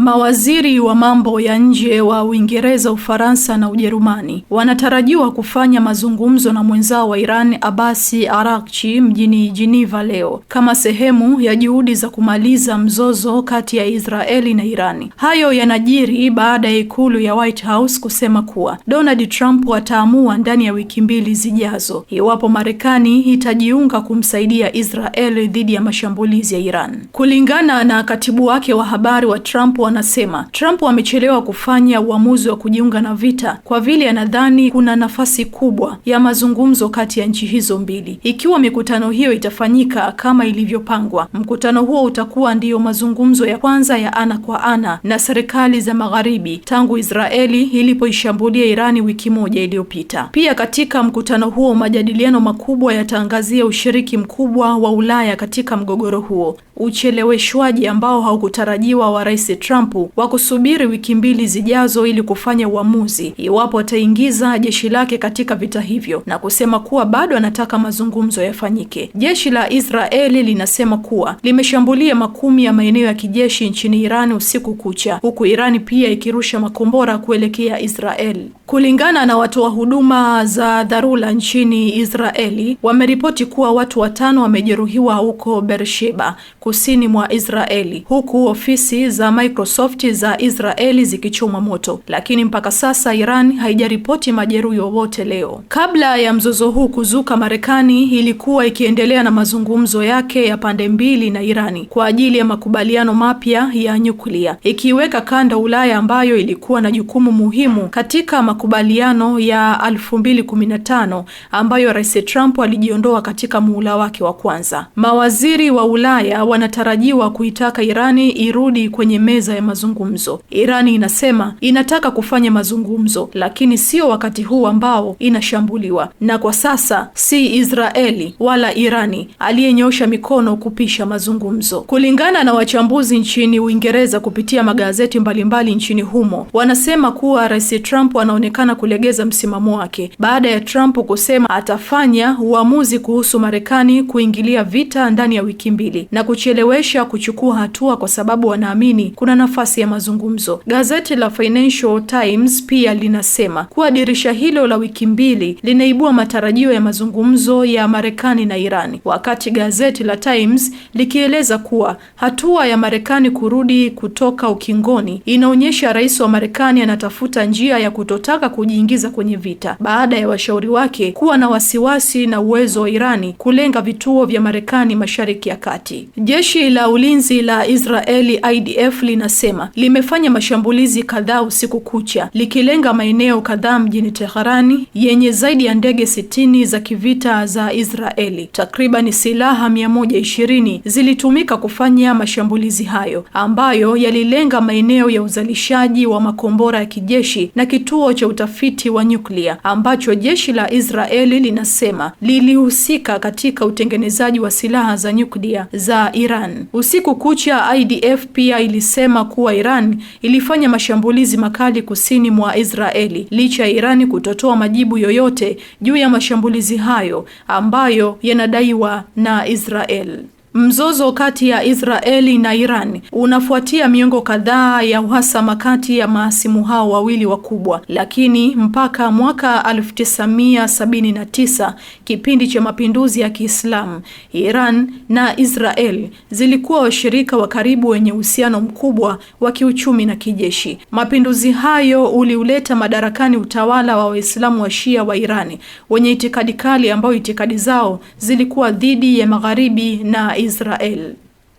Mawaziri wa mambo ya nje wa Uingereza, Ufaransa na Ujerumani wanatarajiwa kufanya mazungumzo na mwenzao wa Iran Abasi Arakchi mjini Geneva leo kama sehemu ya juhudi za kumaliza mzozo kati ya Israeli na Irani. Hayo yanajiri baada ya ikulu ya White House kusema kuwa Donald Trump ataamua ndani ya wiki mbili zijazo iwapo Marekani itajiunga kumsaidia Israeli dhidi ya mashambulizi ya Iran. Kulingana na katibu wake wa habari wa Trump wa wanasema Trump amechelewa kufanya uamuzi wa kujiunga na vita kwa vile anadhani kuna nafasi kubwa ya mazungumzo kati ya nchi hizo mbili, ikiwa mikutano hiyo itafanyika kama ilivyopangwa. Mkutano huo utakuwa ndiyo mazungumzo ya kwanza ya ana kwa ana na serikali za magharibi tangu Israeli ilipoishambulia Irani wiki moja iliyopita. Pia katika mkutano huo majadiliano makubwa yataangazia ushiriki mkubwa wa Ulaya katika mgogoro huo ucheleweshwaji ambao haukutarajiwa wa Rais Trump wa kusubiri wiki mbili zijazo ili kufanya uamuzi iwapo ataingiza jeshi lake katika vita hivyo na kusema kuwa bado anataka mazungumzo yafanyike. Jeshi la Israeli linasema kuwa limeshambulia makumi ya maeneo ya kijeshi nchini irani usiku kucha, huku Irani pia ikirusha makombora kuelekea Israel. Kulingana na watoa wa huduma za dharura nchini Israeli, wameripoti kuwa watu watano wamejeruhiwa huko Beersheba kusini mwa Israeli, huku ofisi za Microsoft za Israeli zikichomwa moto, lakini mpaka sasa Iran haijaripoti majeruhi wowote leo. Kabla ya mzozo huu kuzuka, Marekani ilikuwa ikiendelea na mazungumzo yake ya pande mbili na Irani kwa ajili ya makubaliano mapya ya nyuklia, ikiweka kanda Ulaya ambayo ilikuwa na jukumu muhimu katika makubaliano ya 2015 ambayo Rais Trump alijiondoa katika muhula wake wa kwanza. Mawaziri wa Ulaya wanatarajiwa kuitaka Irani irudi kwenye meza ya mazungumzo. Irani inasema inataka kufanya mazungumzo, lakini sio wakati huu ambao inashambuliwa, na kwa sasa si Israeli wala Irani aliyenyosha mikono kupisha mazungumzo. Kulingana na wachambuzi nchini Uingereza kupitia magazeti mbalimbali nchini humo, wanasema kuwa Rais Trump anaonekana kulegeza msimamo wake baada ya Trump kusema atafanya uamuzi kuhusu Marekani kuingilia vita ndani ya wiki mbili na kuchelewesha kuchukua hatua kwa sababu wanaamini kuna nafasi ya mazungumzo. Gazeti la Financial Times pia linasema kuwa dirisha hilo la wiki mbili linaibua matarajio ya mazungumzo ya Marekani na Irani, wakati gazeti la Times likieleza kuwa hatua ya Marekani kurudi kutoka ukingoni inaonyesha rais wa Marekani anatafuta njia ya kutotaka kujiingiza kwenye vita baada ya washauri wake kuwa na wasiwasi na uwezo wa Irani kulenga vituo vya Marekani Mashariki ya Kati. Jeshi la ulinzi la Israeli IDF linasema limefanya mashambulizi kadhaa usiku kucha likilenga maeneo kadhaa mjini Teherani yenye zaidi ya ndege sitini za kivita za Israeli. Takribani silaha ishirini zilitumika kufanya mashambulizi hayo ambayo yalilenga maeneo ya uzalishaji wa makombora ya kijeshi na kituo cha utafiti wa nyuklia ambacho jeshi la Israeli linasema lilihusika katika utengenezaji wa silaha za nyuklia za Iran. Usiku kucha, IDF pia ilisema kuwa Iran ilifanya mashambulizi makali kusini mwa Israeli licha ya iran kutotoa majibu yoyote juu ya mashambulizi hayo ambayo yanadaiwa na Israel. Mzozo kati ya Israeli na Iran unafuatia miongo kadhaa ya uhasama kati ya maasimu hao wawili wakubwa, lakini mpaka mwaka 1979 kipindi cha mapinduzi ya Kiislamu, Iran na Israel zilikuwa washirika wa karibu wenye uhusiano mkubwa wa kiuchumi na kijeshi. Mapinduzi hayo uliuleta madarakani utawala wa Waislamu wa Shia wa Irani wenye itikadi kali, ambao itikadi zao zilikuwa dhidi ya magharibi na ኢዝራኤል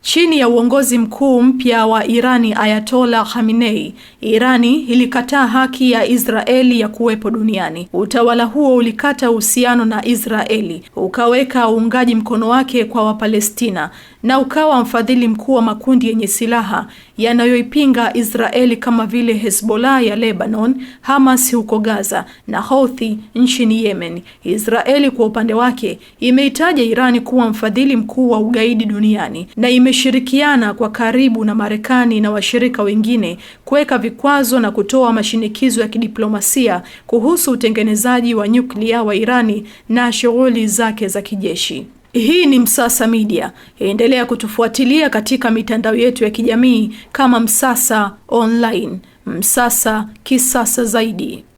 Chini ya uongozi mkuu mpya wa Irani Ayatola Khamenei, Irani ilikataa haki ya Israeli ya kuwepo duniani. Utawala huo ulikata uhusiano na Israeli, ukaweka uungaji mkono wake kwa Wapalestina na ukawa mfadhili mkuu wa makundi yenye silaha yanayoipinga Israeli kama vile Hezbollah ya Lebanon, Hamas huko Gaza na Houthi nchini Yemen. Israeli kwa upande wake imeitaja Irani kuwa mfadhili mkuu wa ugaidi duniani na ime imeshirikiana kwa karibu na Marekani na washirika wengine kuweka vikwazo na kutoa mashinikizo ya kidiplomasia kuhusu utengenezaji wa nyuklia wa Irani na shughuli zake za kijeshi. Hii ni Msasa Media. Endelea kutufuatilia katika mitandao yetu ya kijamii kama Msasa Online. Msasa kisasa zaidi.